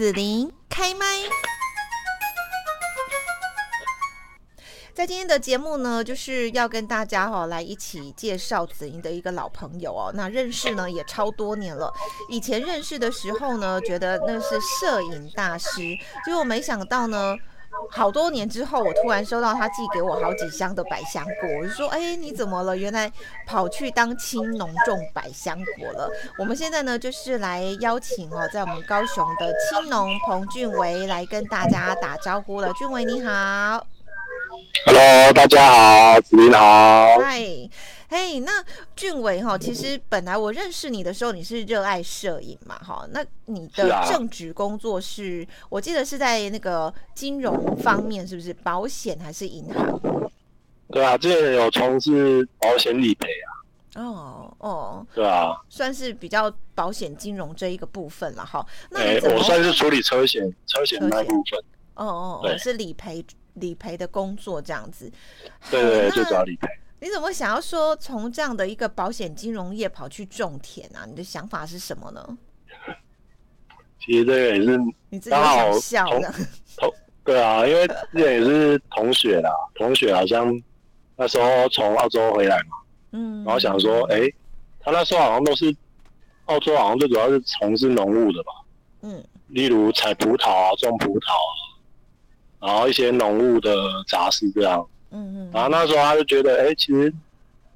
子琳開麥，在今天的節目呢，就是要跟大家哈來一起介紹子琳的一個老朋友哦，那認識呢也超多年了，以前認識的時候呢，覺得那是攝影大師，結果沒想到呢。好多年之後，我突然收到他寄給我好幾箱的百香果，我就說：“哎，你怎麼了？原來跑去當青農種百香果了。”我們現在呢，就是來邀請哦，在我們高雄的青農彭俊維來跟大家打招呼了。俊維你好，Hello，大家好，子琳好、Hi 嘿、hey，那俊維哈，其實本來我認識你的時候，你是熱愛攝影嘛哈？那你的正職工作是，是、啊，我記得是在那個金融方面，是不是保險還是銀行？對啊，之前有從事保險理賠啊。哦哦，對啊，算是比較保險金融這一個部分了哈。那我算是處理車險，車險的那部分。哦哦，我是理賠理賠的工作這樣子。對對，就找理賠。你怎麼會想要說從這樣的一個保險金融業跑去種田啊？你的想法是什麼呢？其實這個也是你真的好笑呢好，對啊，因為這也是同學啦， 同學好像那時候從澳洲回來嘛，嗯，然後想說，誒他那時候好像都是澳洲，好像最主要是從事農務的吧，嗯，例如採葡萄啊，種葡萄啊，然後一些農務的雜事這樣。嗯嗯，然後那時候他就覺得，哎、欸，其實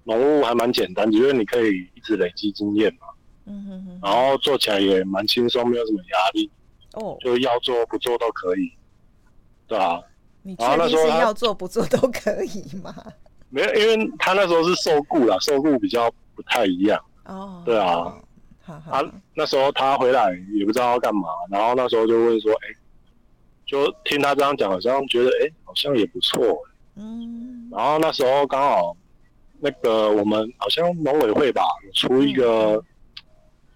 農務還蠻簡單，只是你可以一直累積經驗嘛。嗯嗯，然後做起來也蠻輕鬆，沒有什麼壓力。哦，就要做不做都可以，對啊。然後那時候要做不做都可以嘛？沒有，因為他那時候是受雇啦，受雇比較不太一樣。哦。對啊。哦、好好，他那時候他回來也不知道要幹嘛，然後那時候就會說，哎、欸，就聽他這樣講，好像覺得，哎、欸，好像也不錯、欸。嗯，然後那時候剛好，那個我們好像農委會吧，出一個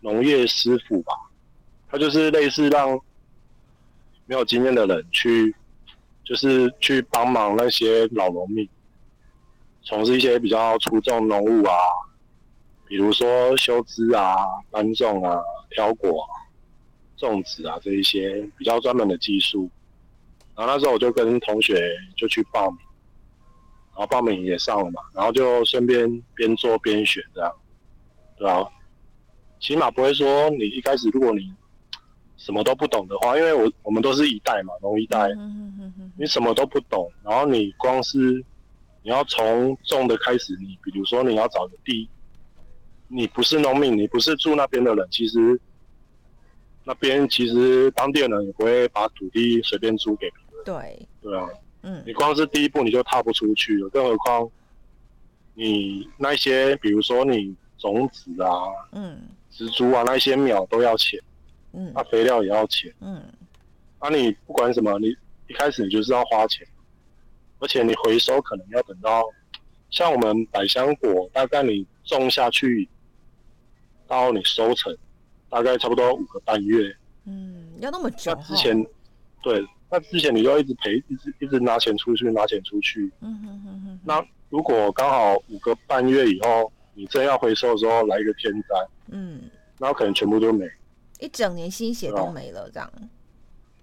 農業師傅吧，他就是類似讓沒有經驗的人去，就是去幫忙那些老農民，從事一些比較粗重的農務啊，比如說修枝啊、搬種啊、挑果啊、種植啊這一些比較專門的技術。然後那時候我就跟同學就去報名。然後報名也上了嘛，然後就順便邊做邊選這樣，對吧、啊？起碼不會說你一開始如果你什麼都不懂的話，因為我我們都是一代嘛，農一代，你什麼都不懂，然後你光是你要從種的開始，你比如說你要找的地，你不是農民，你不是住那邊的人，其實那邊其實當地人也不會把土地隨便租給，對對啊。嗯，你光是第一步你就踏不出去了，更何況你那些，比如說你種子啊，嗯，植株啊，那些苗都要錢，嗯，那、啊、肥料也要錢，嗯，那、啊、你不管什麼，你一開始你就是要花錢，而且你回收可能要等到，像我們百香果，大概你種下去到你收成，大概差不多五個半月，嗯，要那麼久、哦、啊、之前，對。那之前你又一直賠，一直一直拿錢出去，拿錢出去。嗯嗯嗯嗯。那如果剛好五個半月以後，你真要回收的時候來一個天災，嗯，那我可能全部都沒，一整年心血都沒了這樣。嗯、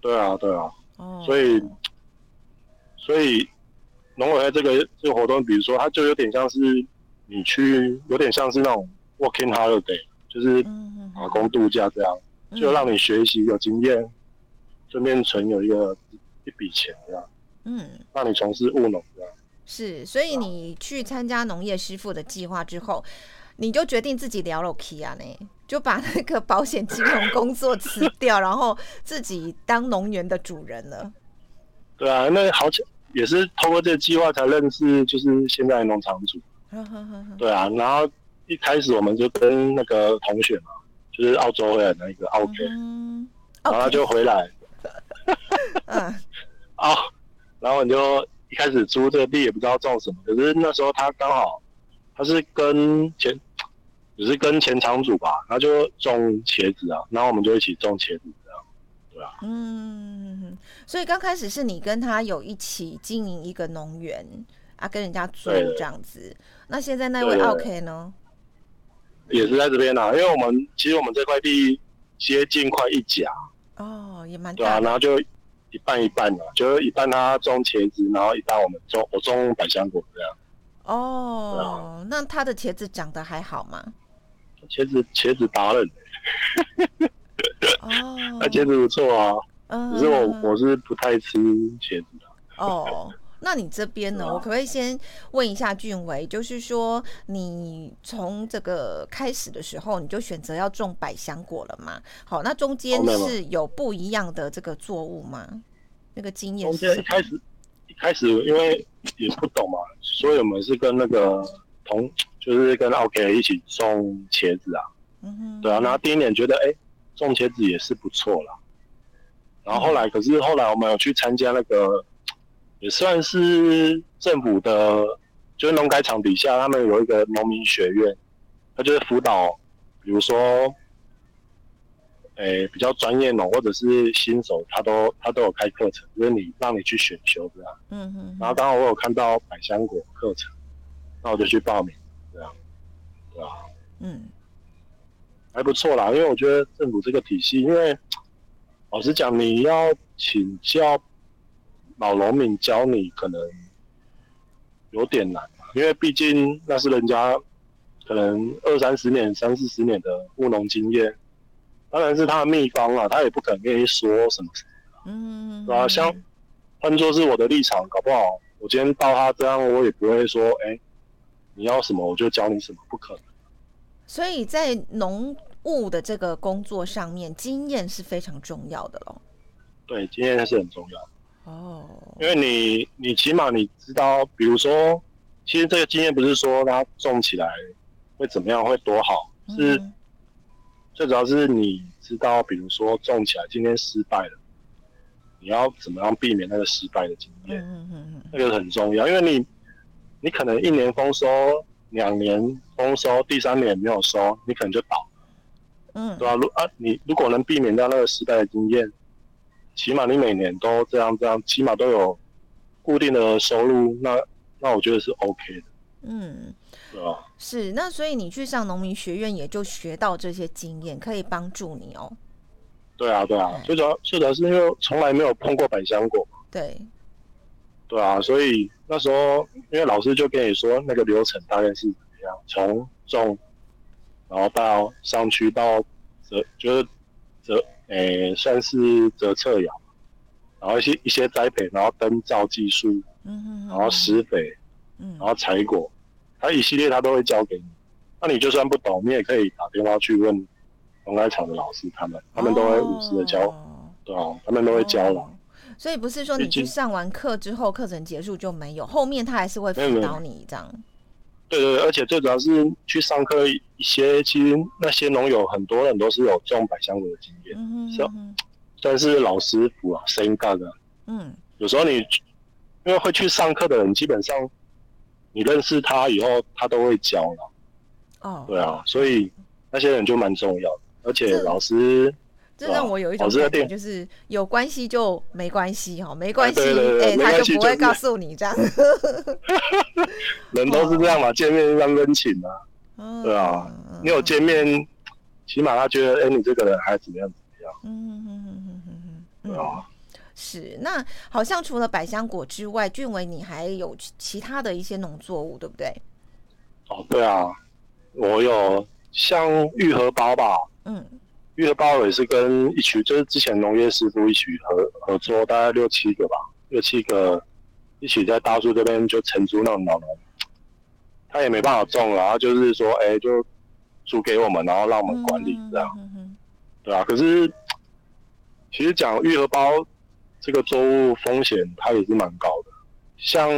對啊，對啊。哦。所以，所以農委會這個這個活動，比如說，它就有點像是你去，有點像是那種 working holiday，就是打工度假這樣，嗯嗯、就讓你學習有經驗。順便存有一個一筆錢，這樣，嗯，讓你從事務農，這樣。是，所以你去參加農業師傅的計劃之後，你就決定自己聊了 Kia 呢，就把那個保險金融工作辭掉， 然後自己當農園的主人了。對啊，那好巧，也是通過這個計劃才認識，就是現在的農場主。哈對啊，然後一開始我們就跟那個同學嘛，就是澳洲回來的一個 OK，呵呵 O.K.，然後他就回來。嗯， 哦，然後你就一開始租這個地也不知道種什麼，可是那時候他剛好他是跟前，只是跟前場主吧，他就種茄子啊，然後我們就一起種茄子這、啊、樣，對啊，嗯，所以剛開始是你跟他有一起經營一個農園啊，跟人家租這樣子，那現在那位 OK 呢對對對？也是在這邊啊，因為我們其實我們這塊地接近快一甲，哦，也蠻大，對啊，然後就。一半一半啊，就是一半他、啊、種茄子，然後一半我們種我種百香果這樣。哦、oh,，那他的茄子長得還好嗎？茄子茄子達人、欸，哈 哈、oh. 啊。哦，那茄子不錯啊，可是我、um... 我是不太吃茄子的、啊。哦、oh. 那你這邊呢、啊？我可不可以先問一下俊維，就是說你從這個開始的時候，你就選擇要種百香果了嗎？好，那中間是有不一樣的這個作物嗎？Oh, no, no. 那個經驗是，是。一開始，一開始因為也不懂嘛，所以我們是跟那個同，就是跟 OK 一起種茄子啊。嗯哼，對啊，然後第一年覺得，哎，種茄子也是不錯啦。然後後來，可是後來我們有去參加那個。也算是政府的，就是農改場底下，他們有一個農民學院，他就是輔導，比如說，誒、欸，比較專業哦，或者是新手，他都他都有開課程，就是你讓你去選修，這樣，嗯嗯。然後剛好我有看到百香果課程，那我就去報名，這樣，對啊，嗯，還不錯啦，因為我覺得政府這個體系，因為老實講，你要請教。老農民教你可能有點難，因為畢竟那是人家可能二三十年、三四十年的務農經驗，當然是他的秘方了、啊，他也不肯願意說什麼，什麼、啊。嗯，啊，像換作是我的立場，搞不好我今天到他這樣，我也不會說，哎、欸，你要什麼我就教你什麼，不可能。所以在農務的這個工作上面，經驗是非常重要的咯、哦。對，經驗是很重要。哦、oh.，因為你你起碼你知道，比如說，其實這個經驗不是說它種起來會怎麼樣會多好，是，最、mm -hmm. 主要是你知道，比如說種起來今天失敗了，你要怎麼樣避免那個失敗的經驗，mm -hmm. 那個很重要，因為你你可能一年豐收，兩年豐收，第三年沒有收，你可能就倒了，嗯、mm -hmm.，對啊，如啊，你如果能避免掉那個失敗的經驗。起碼你每年都這樣這樣，起碼都有固定的收入，那那我覺得是 OK 的。嗯，對啊。是，那所以你去上農民學院，也就學到這些經驗，可以幫助你哦。對啊，對啊，最主要，最主要是因為從來沒有碰過百香果。對。對啊，所以那時候因為老師就跟你說，那個流程大概是怎麼樣，從種，然後到上去到折，就是折。誒、欸，算是擇測養，然後一些一些栽培，然後燈照技術、嗯，然後施肥，然後採果、嗯，他一系列他都會教給你。那你就算不懂，你也可以打電話去問農改場的老師，他們他們都會無私的教哦對，啊，他們都會教的，哦。所以不是說你去上完課之後，課程結束就沒有，後面他還是會輔導你這樣。嗯對，對對，而且最主要是去上課一些，其實那些農友很多人都是有種百香果的經驗，嗯哼嗯哼，但是老師傅啊，音乾啊，嗯，有時候你因為會去上課的人，基本上你認識他以後，他都會教了，哦，對啊，所以那些人就蠻重要的，而且老師。嗯真讓我有一種覺就是有關係就沒關係哈、啊，沒關係哎、啊欸就是、他就不會告訴你這樣子呵呵。 人都是這樣嘛，啊、見面讓人問情嘛，對啊，啊，你有見面起碼他覺得哎、欸、你這個人還怎麼樣怎麼樣，嗯嗯嗯嗯，對啊。是，那好像除了百香果之外，俊偉你還有其他的一些農作物對不對？哦、啊，對啊，我有像玉荷包吧，嗯。玉荷包也是跟一群，就是之前農業師傅一起合合作，大概六七個吧，六七個一起在大樹這邊就承租那種老農，他也沒辦法種，然後就是說，哎、欸，就租給我們，然後讓我們管理、嗯、這樣，對啊。可是其實講玉荷包這個作物風險，它也是蠻高的。像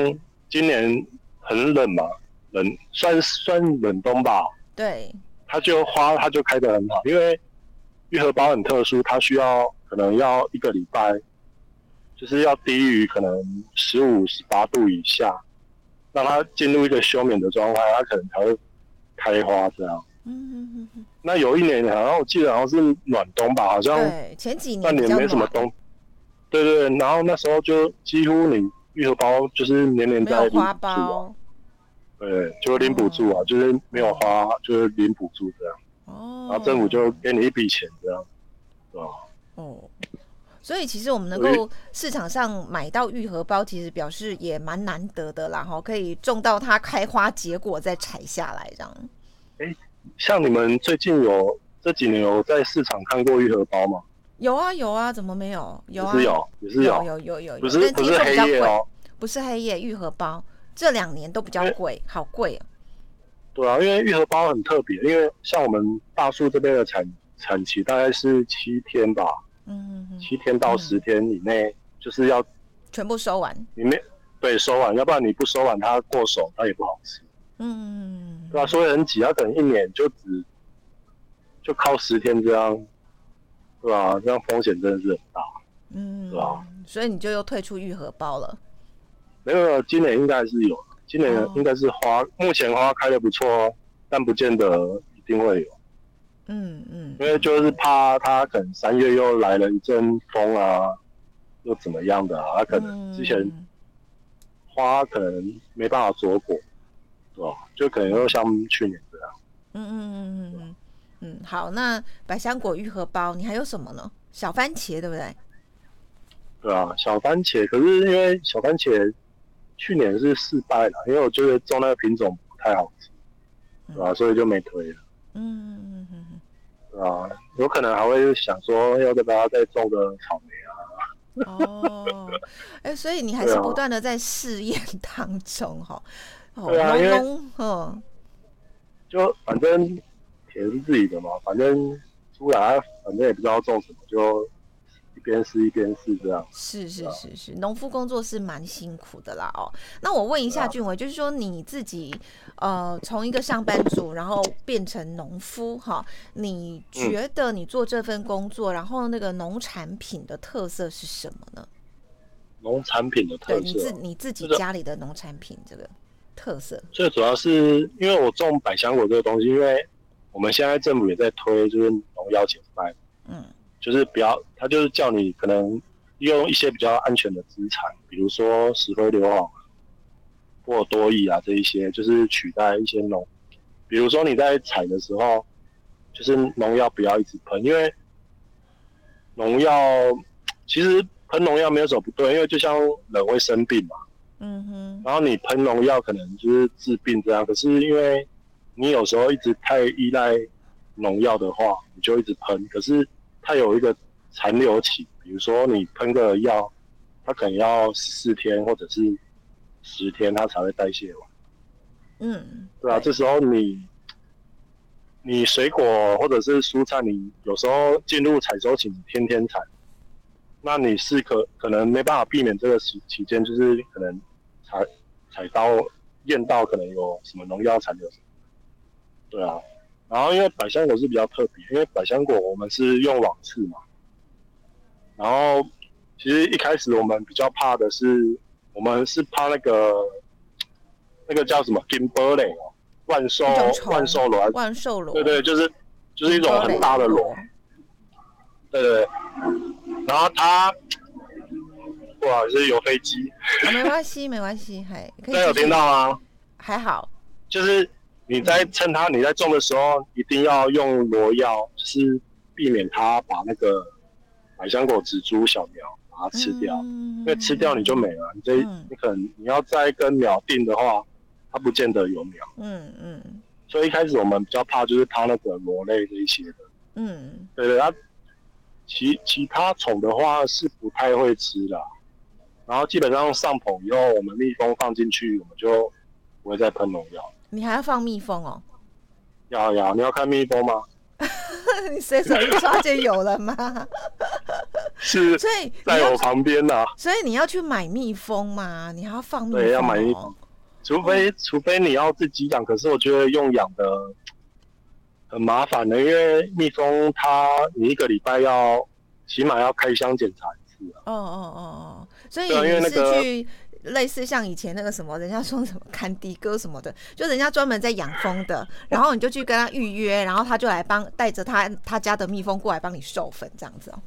今年很冷嘛，冷，算，算冷冬吧，對，它就花，它就開得很好，因為。玉荷包很特殊，它需要可能要一個禮拜，就是要低於可能十五十八度以下，讓它進入一個休眠的狀態，它可能才會開花這樣。嗯哼，嗯嗯，那有一年好像我記得好像是暖冬吧，好像前幾年，那年沒什麼冬。對，對對，然後那時候就幾乎你玉荷包就是年年在、啊、花苞，對，就是領補助啊、哦，就是沒有花，就是領補助這樣。哦，那政府就給你一筆錢這樣，哦，哦，所以其實我們能夠市場上買到玉荷包，其實表示也蠻難得的啦，哈，可以種到它開花結果再採下來這樣。哎，像你們最近有這幾年有在市場看過玉荷包嗎？有啊有啊，怎麼沒有？有啊有，是有有有，有有有有，不是，但聽說比較貴是、哦、不是黑葉不是黑葉玉荷包，這兩年都比較貴，欸、好貴哦、啊。對啊，因為玉荷包很特別，因為像我們大樹這邊的產產期大概是七天吧，嗯，嗯七天到十天以內就是要全部收完，裡面對，收完，要不然你不收完它過手，它也不好吃，嗯，對啊，所以很擠，要等一年就只就靠十天這樣，對啊，這樣風險真的是很大，嗯，對啊，所以你就又退出玉荷包了，沒有，今年應該是有。今年應該是花，哦，目前花開得不錯哦，但不見得一定會有。嗯嗯，因為就是怕它可能三月又來了一陣風啊，又怎麼樣的啊？它可能之前花可能沒辦法坐果，哦、嗯啊，就可能又像去年這樣。嗯嗯嗯嗯嗯嗯，嗯，好，那百香果愈合包，你還有什麼呢？小番茄對不對？對啊，小番茄，可是因為小番茄。去年是失敗了，因為我覺得種那個品種不太好吃，嗯，啊，所以就沒推了。嗯嗯嗯，啊，有可能還會想說要跟大家再種個草莓啊。哦，哎 欸，所以你還是不斷的在試驗當中哈。對啊，好，對啊、好隆隆就反正田是自己的嘛，反正出來反正也不知道種什麼就。一邊試一邊是這樣，是是是是，農、啊、夫工作是蠻辛苦的啦哦。那我問一下俊維，就是說你自己呃，從一個上班族然後變成農夫哈、哦，你覺得你做這份工作、嗯，然後那個農產品的特色是什麼呢？農產品的特色，你自你自己家裡的農產品這個特色，最、就是、主要是因為我種百香果這個東西，因為我們現在政府也在推，就是農藥減半，嗯。就是不要，他就是叫你可能用一些比較安全的資產，比如說石灰硫磺、波爾多液啊這一些，就是取代一些農，比如說你在採的時候，就是農藥不要一直噴，因為農藥其實噴農藥沒有什麼不對，因為就像人會生病嘛，嗯哼，然後你噴農藥可能就是治病這樣，可是因為你有時候一直太依賴農藥的話，你就一直噴，可是。它有一個殘留期，比如說你噴個藥，它可能要四天或者是十天，它才會代謝完。嗯，對啊，這時候你你水果或者是蔬菜，你有時候進入採收期，你天天採，那你是可可能沒辦法避免這個期期間，就是可能採採到驗到可能有什麼農藥殘留什麼的，對啊。然後，因為百香果是比較特別，因為百香果我們是用網刺嘛。然後，其實一開始我們比較怕的是，我們是怕那個那個叫什麼金寶螺哦，萬壽萬壽螺，萬壽螺，對對，就是就是一種很大的螺。對對。然後它，哇，就是有飛機。沒關, 沒關係，沒關係，還可以。對，有聽到嗎？還好。就是。你在趁它你在種的時候，嗯、一定要用螺藥，就是避免它把那個百香果植株小苗把它吃掉、嗯。因為吃掉你就沒了，你這、嗯、你可能你要再跟苗定的話，它不見得有苗。嗯嗯。所以一開始我們比較怕就是它那個螺類這些的。嗯。對對它其其他蟲的話是不太會吃的、啊。然後基本上上棚以後，我們蜜蜂放進去，我們就不會再噴農藥。你還要放蜜蜂哦？要、yeah, 呀、yeah, 你要看蜜蜂嗎？ 你隨手一抓就有了嗎？ 是，所以在我旁邊呢、啊。所以你要去買蜜蜂嗎？你還要放蜜蜂？對，要買蜜蜂。哦、除非除非你要自己養，可是我覺得用養的很麻煩的，因為蜜蜂它你一個禮拜要起碼要開箱檢查一次、啊。哦哦哦哦，所以、啊、因為你是去。類似像以前那個什麼，人家說什麼看迪哥什麼的，就人家專門在養蜂的，然後你就去跟他預約，然後他就來幫帶着他他家的蜜蜂過來幫你授粉這樣子哦，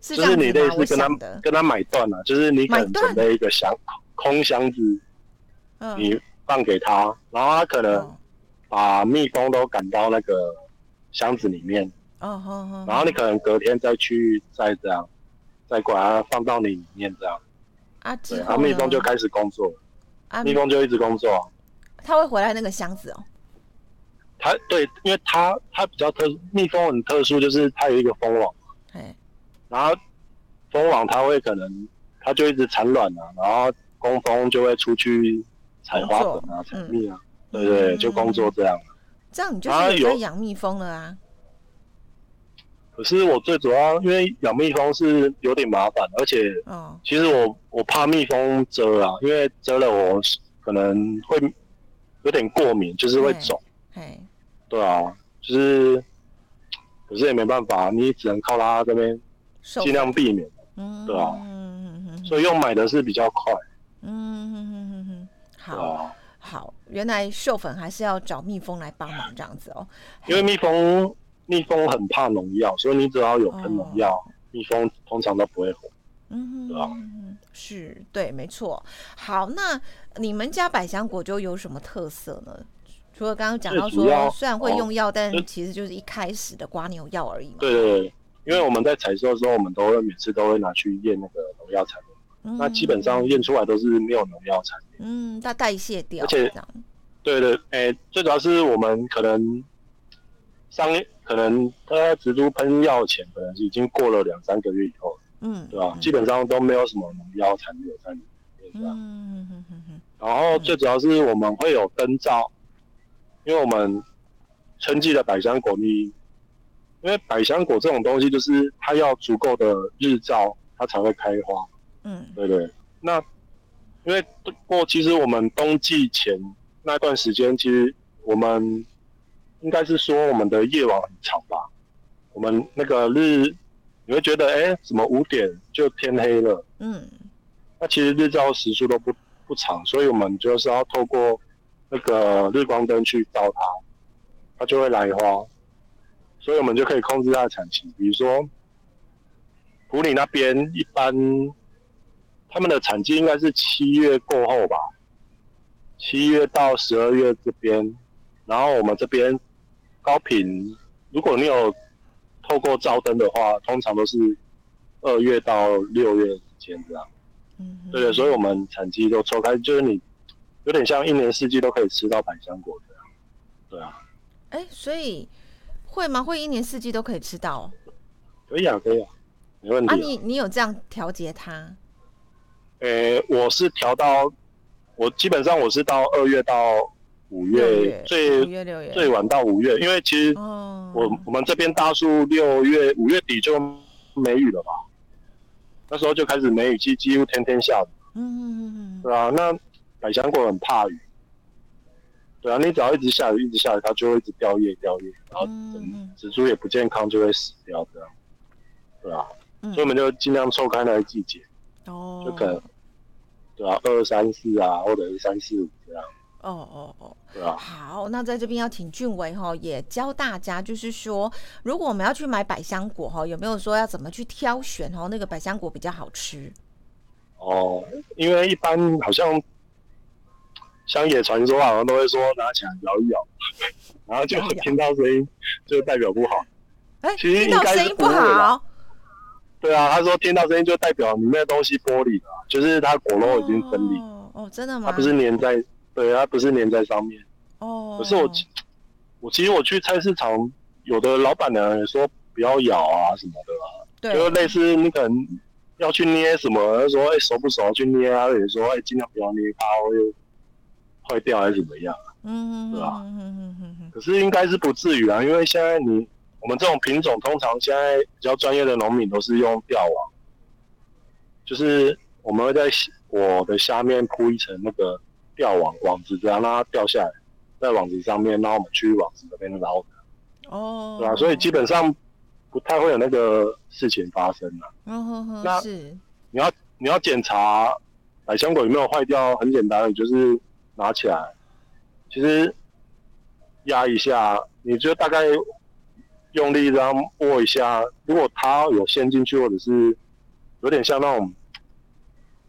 是這樣子，就是你類似跟他跟他，跟他買斷了，啊，就是你可能準備一個箱空箱子，你放給他，嗯，然後他可能把蜜蜂都趕到那個箱子裡面，哦，嗯，然後你可能隔天再去再這樣，再過來放到你裡面這樣。阿、啊、蜜蜂就開始工作，阿、啊、蜜蜂就一直工作，它會回來那個箱子哦。它對，因為它它比較特殊，蜜蜂很特殊，就是它有一個蜂王，對，然後蜂王它會可能它就一直產卵啊，然後工蜂就會出去採花粉啊、採蜜啊，嗯、對，對對，就工作這樣。嗯、這樣你就有養蜜蜂了啊。啊可是我最主要，因為養蜜蜂是有點麻煩，而且，嗯，其實我、哦、我怕蜜蜂蟄啊，因為蟄了我可能會有點過敏，就是會腫。對啊，就是，可是也沒辦法，你只能靠它這邊，盡量避免。嗯，對啊，嗯嗯，所以用買的是比較快。嗯嗯嗯嗯，好、啊，好，原來授粉還是要找蜜蜂來幫忙這樣子哦，因為蜜蜂。蜜蜂很怕農藥，所以你只要有噴農藥，蜜蜂通常都不會活。嗯哼，對吧？是，對，沒錯。好，那你們家百香果就有什麼特色呢？除了剛剛講到說，雖然會用藥、哦，但其實就是一開始的蝸牛藥而已嘛。對對對，因為我們在採收的時候，我們都會每次都會拿去驗那個農藥殘留，那基本上驗出來都是沒有農藥殘留。嗯，它代謝掉。而且，對，對對，哎、欸，最主要是我們可能上一可能它在植株噴藥前，可能是已經過了兩三個月以後，嗯，對吧？基本上都沒有什麼農藥殘留在裡面，嗯嗯嗯嗯嗯。然後最主要是我們會有燈照，因為我們春季的百香果蜜，因為百香果這種東西就是它要足夠的日照，它才會開花，嗯，對不對。那因為不過其實我們冬季前那段時間，其實我們。應該是說我們的夜晚很長吧，我們那個日你會覺得哎，怎麼五點就天黑了？嗯，那其實日照時數都不不長，所以我們就是要透過那個日光燈去照它，它就會來花，所以我們就可以控制它的產期。比如說埔里那邊一般他們的產期應該是七月過後吧，七月到十二月這邊，然後我們這邊。高頻，如果你有透過照燈的話，通常都是二月到六月之間這樣。嗯，對，所以我們產期都錯開，就是你有點像一年四季都可以吃到百香果這樣。對啊。哎、欸，所以會嗎？會一年四季都可以吃到？可以啊，可以啊，沒問題啊。啊你，你你有這樣調節它？呃、欸，我是調到我基本上我是到二月到。五月，月最6月6月最晚到五月，因為其實我、oh. 我們這邊大樹六月五月底就沒雨了吧？那時候就開始梅雨季，其實幾乎天天下雨。嗯、mm -hmm.，對啊。那百香果很怕雨，對啊。你只要一直下雨，一直下雨，它就會一直掉葉掉葉，然後植植株也不健康，就會死掉這樣。對啊，mm -hmm. 所以我們就盡量錯開那一季節。Oh. 就可能對啊，二三四啊，或者是三四五這樣。哦哦哦，好，那在這邊要請俊維哈，也教大家，就是說，如果我們要去買百香果哈，有沒有說要怎麼去挑選哈？那個百香果比較好吃？哦、oh,，因為一般好像鄉野傳說好像都會說拿起來搖一搖，搖一搖 然後就聽到聲音就代表不好。哎、欸，聽到聲音不好、哦？對啊，他說聽到聲音就代表裡面的東西破裂的，就是它果肉已經分離。哦、oh, oh,，真的嗎？它不是粘在。對啊，它不是粘在上面。哦、oh,，可是我，我其實我去菜市場，有的老闆娘也說不要咬啊什麼的、啊對，就是類似你可能要去捏什麼，就是、說哎、欸、熟不熟要去捏啊，或者說盡、欸、量不要捏，它會，會壞掉還是怎麼樣、啊。嗯、mm -hmm. 啊，對吧？可是應該是不至於啊，因為現在你我們這種品種，通常現在比較專業的農民都是用吊網，就是我們會在我的下面鋪一層那個。掉網網子這樣，讓、啊、它掉下來在網子上面，然後我們去網子那邊撈。哦、oh.，對啊，所以基本上不太會有那個事情發生啦。嗯哼哼，那你要你要檢查百香果有沒有壞掉，很簡單，你就是拿起來，其實壓一下，你就大概用力這樣握一下，如果它有陷進去或者是有點像那種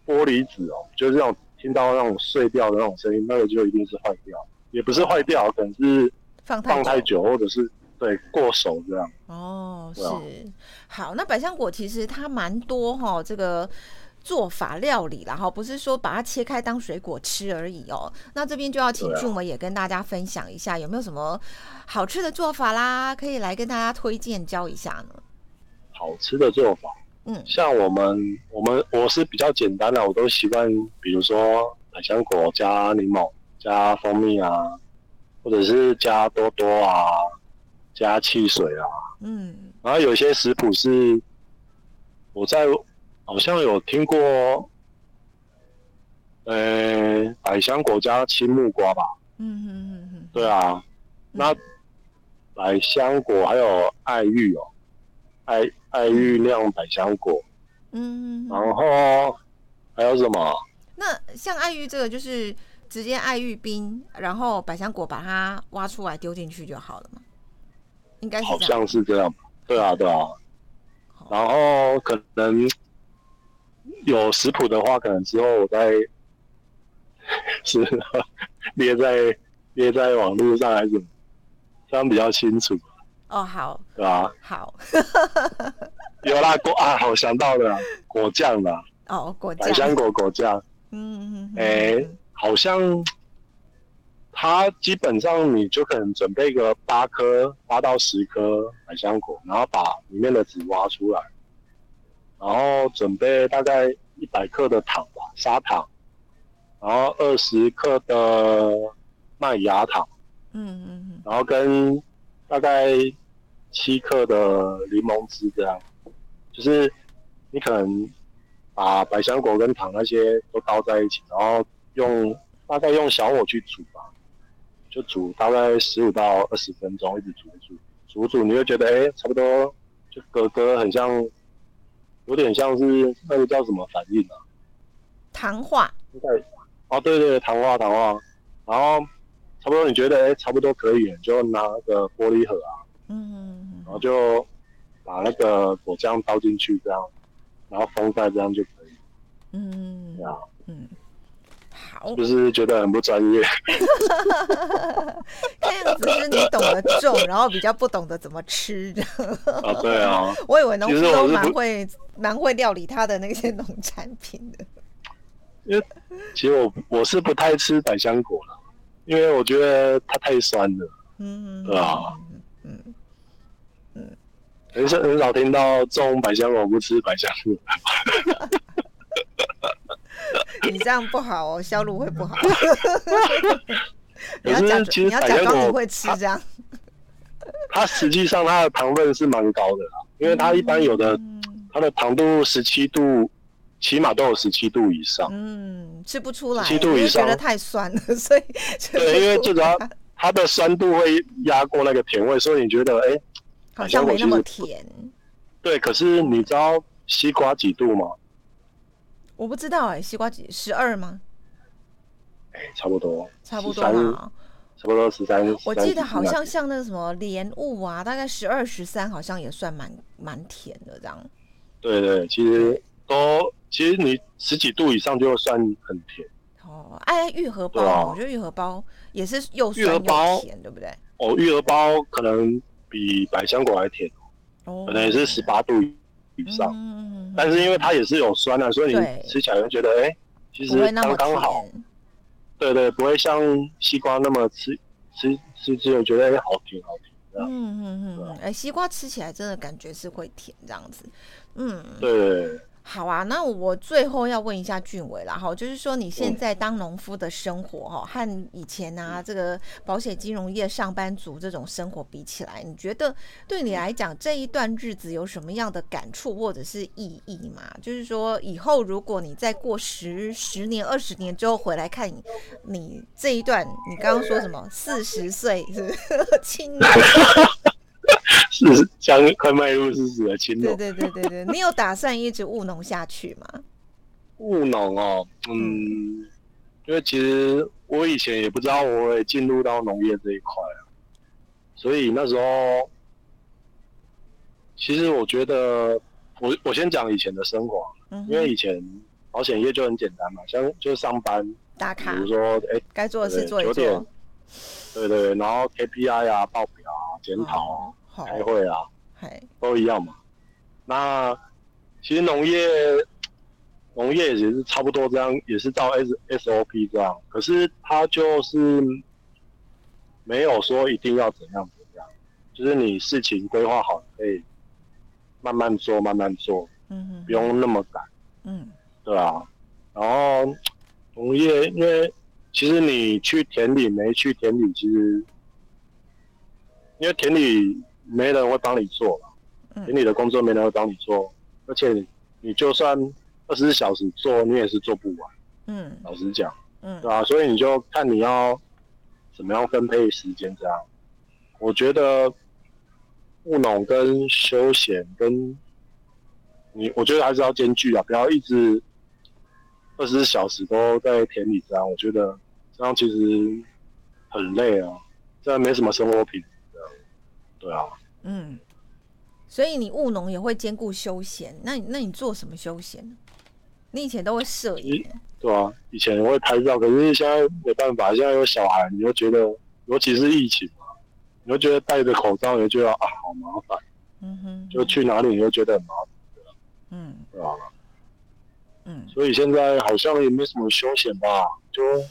玻璃紙哦、喔，就是這種。聽到那種碎掉的那種聲音，那個就一定是壞掉，也不是壞掉，可能是放太放太久，或者是對過熟這樣。哦，是、啊、好。那百香果其實它蠻多哈、哦，這個做法料理，然後不是說把它切開當水果吃而已哦。那這邊就要請俊維也跟大家分享一下、啊，有沒有什麼好吃的做法啦，可以來跟大家推薦教一下呢？好吃的做法。嗯，像我們，我們我是比較簡單的，我都習慣，比如說百香果加檸檬加蜂蜜啊，或者是加多多啊，加汽水啊。嗯，然後有些食譜是我在好像有聽過，呃、欸，百香果加青木瓜吧。嗯嗯對啊，那百香果還有愛玉哦，愛。愛玉釀百香果，嗯，然後還有什麼？那像愛玉這個，就是直接愛玉冰，然後百香果把它挖出來丟進去就好了嗎？應該是這樣，好像是這樣。對啊，對啊。對啊，嗯，然後可能有食譜的話，可能之後我再是 列在列在網絡上還是這樣比較清楚。哦、oh, 啊，好，是 吧？好，有啦果啊，好想到了果醬啦。哦，oh, 果醬，百香果果醬。嗯嗯、欸、好像它基本上你就可能準備個八顆八到十顆百香果，然後把裡面的籽挖出來，然後準備大概一百克的糖吧，砂糖，然後二十克的麥芽糖。嗯嗯嗯，然後跟。大概七克的檸檬汁這樣，就是你可能把百香果跟糖那些都倒在一起，然後用大概用小火去煮吧，就煮大概十五到二十分鐘，一直煮煮煮煮，煮煮你就覺得哎、欸，差不多就哥哥很像，有點像是那個叫什麼反應啊？糖化。對。哦、啊，對對，糖化糖化，然後。差不多你覺得哎、欸，差不多可以，就拿個玻璃盒啊，嗯，然後就把那個果醬倒進去，這樣，然後封蓋，這樣就可以。嗯，啊，嗯，好，就是，是覺得很不專業。 看樣子是你懂得種，然後比較不懂得怎麼吃的。 啊，對啊、哦， 我以為農夫都蠻會蠻會料理他的那些農產品的。因為其實我我是不太吃百香果了。因為我覺得它太酸了，對、嗯、吧、啊？嗯嗯，很、嗯、少很少聽到種百香果不吃百香果， 你這樣不好哦，銷 路會不好。你要這樣，其實百香果會吃這樣。它實際上它的糖分是蠻高的、啊嗯，因為它一般有的它的糖度十七度。起碼都有十七度以上，嗯，吃不出來，七度以上覺得太酸了，所以對，因為最主要它的酸度會壓過那個甜味，所以你覺得哎，好像沒那麼甜。對，可是你知道西瓜幾度嗎？我不知道哎、欸，西瓜幾十二嗎？哎，差不多，13, 差不多啦，差不多十三。我記得好像像那個什麼蓮霧啊，大概十二十三，好像也算蠻蠻甜的這樣。對對，其實都。其實你十幾度以上就算很甜哦。哎，玉荷包，啊，我覺得玉荷包也是又酸又甜，對不對？哦，玉荷包可能比百香果還甜，哦，可能也是十八度以上。嗯嗯，但是因為它也是有酸的，啊嗯，所以你吃起來就覺得哎，其實剛剛好不會那麼甜。對對，不會像西瓜那麼吃吃吃之後覺得，哎，好甜好甜。嗯嗯嗯嗯，哎，西瓜吃起來真的感覺是會甜這樣子。嗯，對。好啊，那我最後要問一下俊維啦。哈，就是說你現在當農夫的生活哈，和以前啊，這個保險金融業上班族這種生活比起來，你覺得對你來講這一段日子有什麼樣的感觸或者是意義嗎？就是說以後如果你再過十十年、二十年之後回來看你，你這一段你剛剛說什麼四十歲，是不是？青年？ 是將快邁入四十的青農。對對對對 你有打算一直務農下去嗎？務農哦、啊嗯，嗯，因為其實我以前也不知道我會進入到農業這一塊，所以那時候其實我覺得，我我先講以前的生活、嗯，因為以前保險業就很簡單嘛，像就是上班打卡，比如說哎、欸，該做的事做一點，對對，然後 KPI 啊、報表啊、檢討、啊。嗯開會啊，都一樣嘛。那其實農業，農業也是差不多這樣，也是照 S S O P 這樣。可是他就是沒有說一定要怎樣怎樣，就是你事情規劃好，可以慢慢做，慢慢做、嗯哼哼，不用那麼趕。嗯，對啊。然後農業，因為其實你去田裡沒去田裡，其實因為田裡。沒人會幫你做啦，田裡的工作沒人會幫你做，嗯，而且你就算二十四小時做，你也是做不完。嗯，老實講，嗯，對吧，啊？所以你就看你要怎麼樣分配時間這樣。我覺得務農跟休閒跟你，我覺得還是要兼具啊，不要一直二十四小時都在田裡這樣。我覺得這樣其實很累啊，這樣沒什麼生活品。對啊，嗯，所以你務農也會兼顧休閒，那那，你做什麼休閒呢？你以前都會攝影，對啊，以前也會拍照，可是你現在沒辦法，現在有小孩，你就覺得，尤其是疫情嘛，你就覺得戴着口罩，你就覺得啊，好麻煩，嗯哼，就去哪裡你就覺得很麻煩，對啊，嗯，對吧，對啊，嗯，所以現在好像也沒什麼休閒吧，就去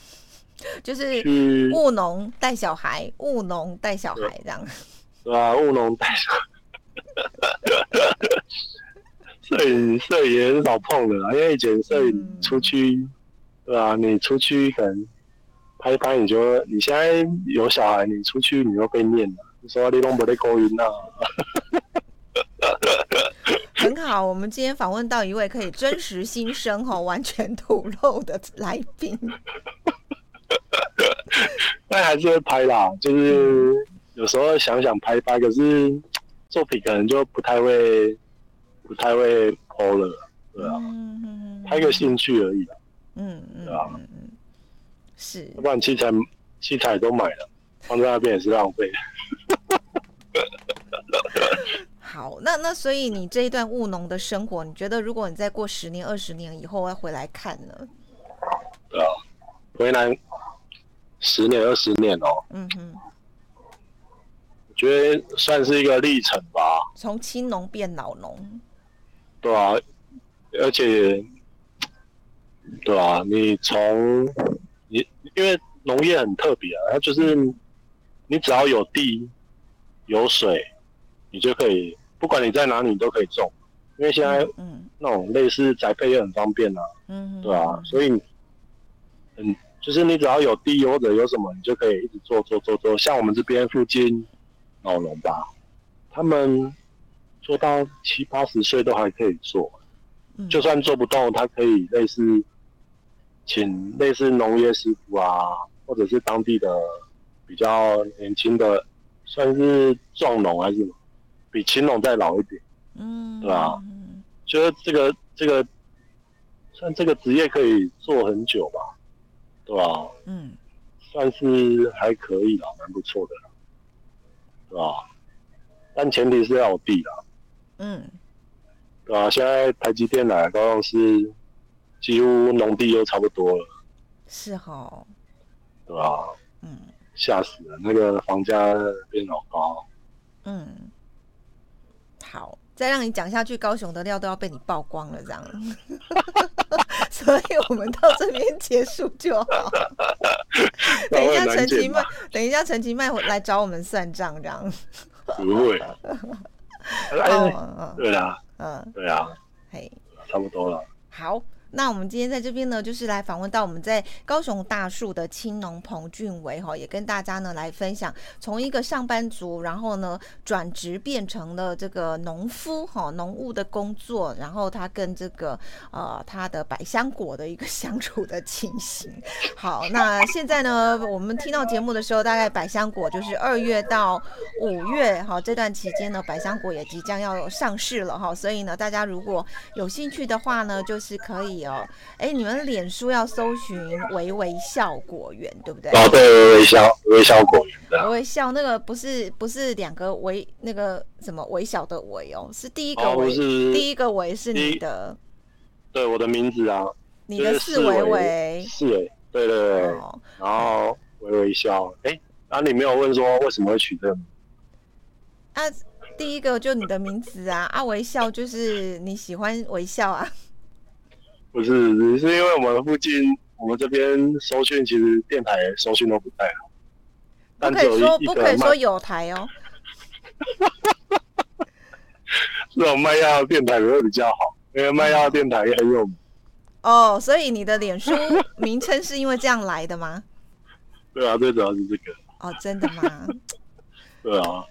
就是務農帶小孩，務農帶小孩這樣子。對啊，務農。帶哈哈哈哈！攝影，攝影也很少碰的啦，因為以前攝影出去，嗯，對啊，你出去可能拍一拍，你就你現在有小孩，你出去你就被念了，你說你攏不得勾引吶。 很好，我們今天訪問到一位可以真實心聲吼， 完全吐露的來賓。哈 那還是會拍啦，就是。嗯有時候想想拍拍，可是作品可能就不太會，不太會 po 了，對啊，拍個興趣而已，嗯、啊、嗯，嗯，對、啊、是，不管器材器材都買了，放在那邊也是浪費。 好，那那所以你這一段務農的生活，你覺得如果你再過十年、二十年以後要回來看呢？對啊，回來十年、二十年哦、喔，嗯哼。覺得算是一個歷程吧，從青農變老農，對啊，而且，對啊，你從你因為農業很特別啊，它就是你只要有地有水，你就可以，不管你在哪裡，你都可以種。因為現在嗯，嗯，那種類似宅配也很方便啊，嗯，對啊，所以嗯，就是你只要有地或者有什麼，你就可以一直做做做做。像我們這邊附近。老農吧，他們做到七八十歲都還可以做，就算做不動，他可以類似請類似農業師傅啊，或者是當地的比較年輕的，算是壯農還是比青農再老一點，嗯，對吧？覺得這個這個算這個職業可以做很久吧，對吧？嗯，算是還可以啦，蠻不錯的。啊！但前提是要有地了，嗯，對、啊、吧？現在台積電來高雄是幾乎農地都差不多了，是齁，對、啊、吧？嗯，嚇死了，那個房價變老高，嗯，好，再讓你講下去，高雄的料都要被你曝光了，這樣， 所以我們到這邊結束就好。 等， 等一下其，陳其邁，等一下，陳其邁回來找我們算賬，這樣子。不會哦，對啊，嗯，對啊，嘿，差不多了，好。那我們今天在這邊呢，就是來訪問到我們在高雄大樹的青農彭俊維哈，也跟大家呢來分享從一個上班族，然後呢轉職變成了這個農夫哈，農務的工作，然後他跟這個呃他的百香果的一個相處的情形。好，那現在呢，我們聽到節目的時候，大概百香果就是二月到五月哈這段期間呢，百香果也即將要上市了哈，所以呢，大家如果有興趣的話呢，就是可以。哦，哎，你們臉書要搜尋“維微笑果園”，對不對？哦、啊，對，微笑微笑果園、啊。維，微笑那個不是不是兩個“微”那個什麼“微小”的“維哦，是第一個“維、哦，是第一個“維是你的。對，我的名字啊。你、就、的是四微微”是哎、欸，對對對。哦、然後微，微笑，哎、欸，後、啊、你沒有問說為什麼會取這？啊，第一個就你的名字啊，阿、 啊、微笑就是你喜歡微笑啊。不是，只是因為我們附近，我們這邊收訊，其實電台收訊都不太好。不可以說，不可以說有台哦。哈這種賣藥 電台的會比較好，因為賣藥電台很有。哦、 oh,，所以你的臉書名稱是因為這樣來的嗎？對啊，最主要是這個。哦，真的嗎？ 對啊。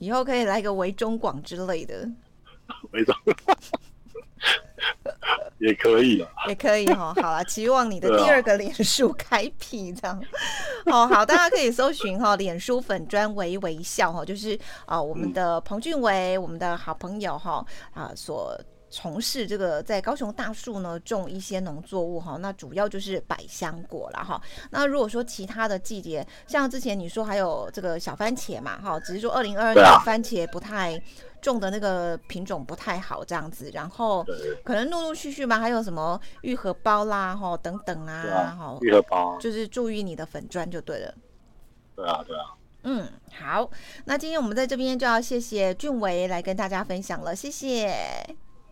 以後可以來個維中廣之類的。維 微中。 也可以啊，也可以哦。好啦，期望你的第二個臉書開闢這樣。哦， 哦，好，大家可以搜尋哈，臉書粉專維微笑哈，就是啊、呃，我們的彭俊維、嗯，我們的好朋友哈啊、呃、所。從事這個在高雄大樹呢種一些農作物哈，那主要就是百香果啦。哈。那如果說其他的季節，像之前你說還有這個小番茄嘛哈，只是說二零二二年番茄不太種的那個品種不太好這樣子，然後可能陸陸續續吧，還有什麼玉荷包啦哈等等啊哈，玉荷包就是注意你的粉磚就對了。對啊對啊，嗯好，那今天我們在這邊就要謝謝俊維來跟大家分享了，謝謝。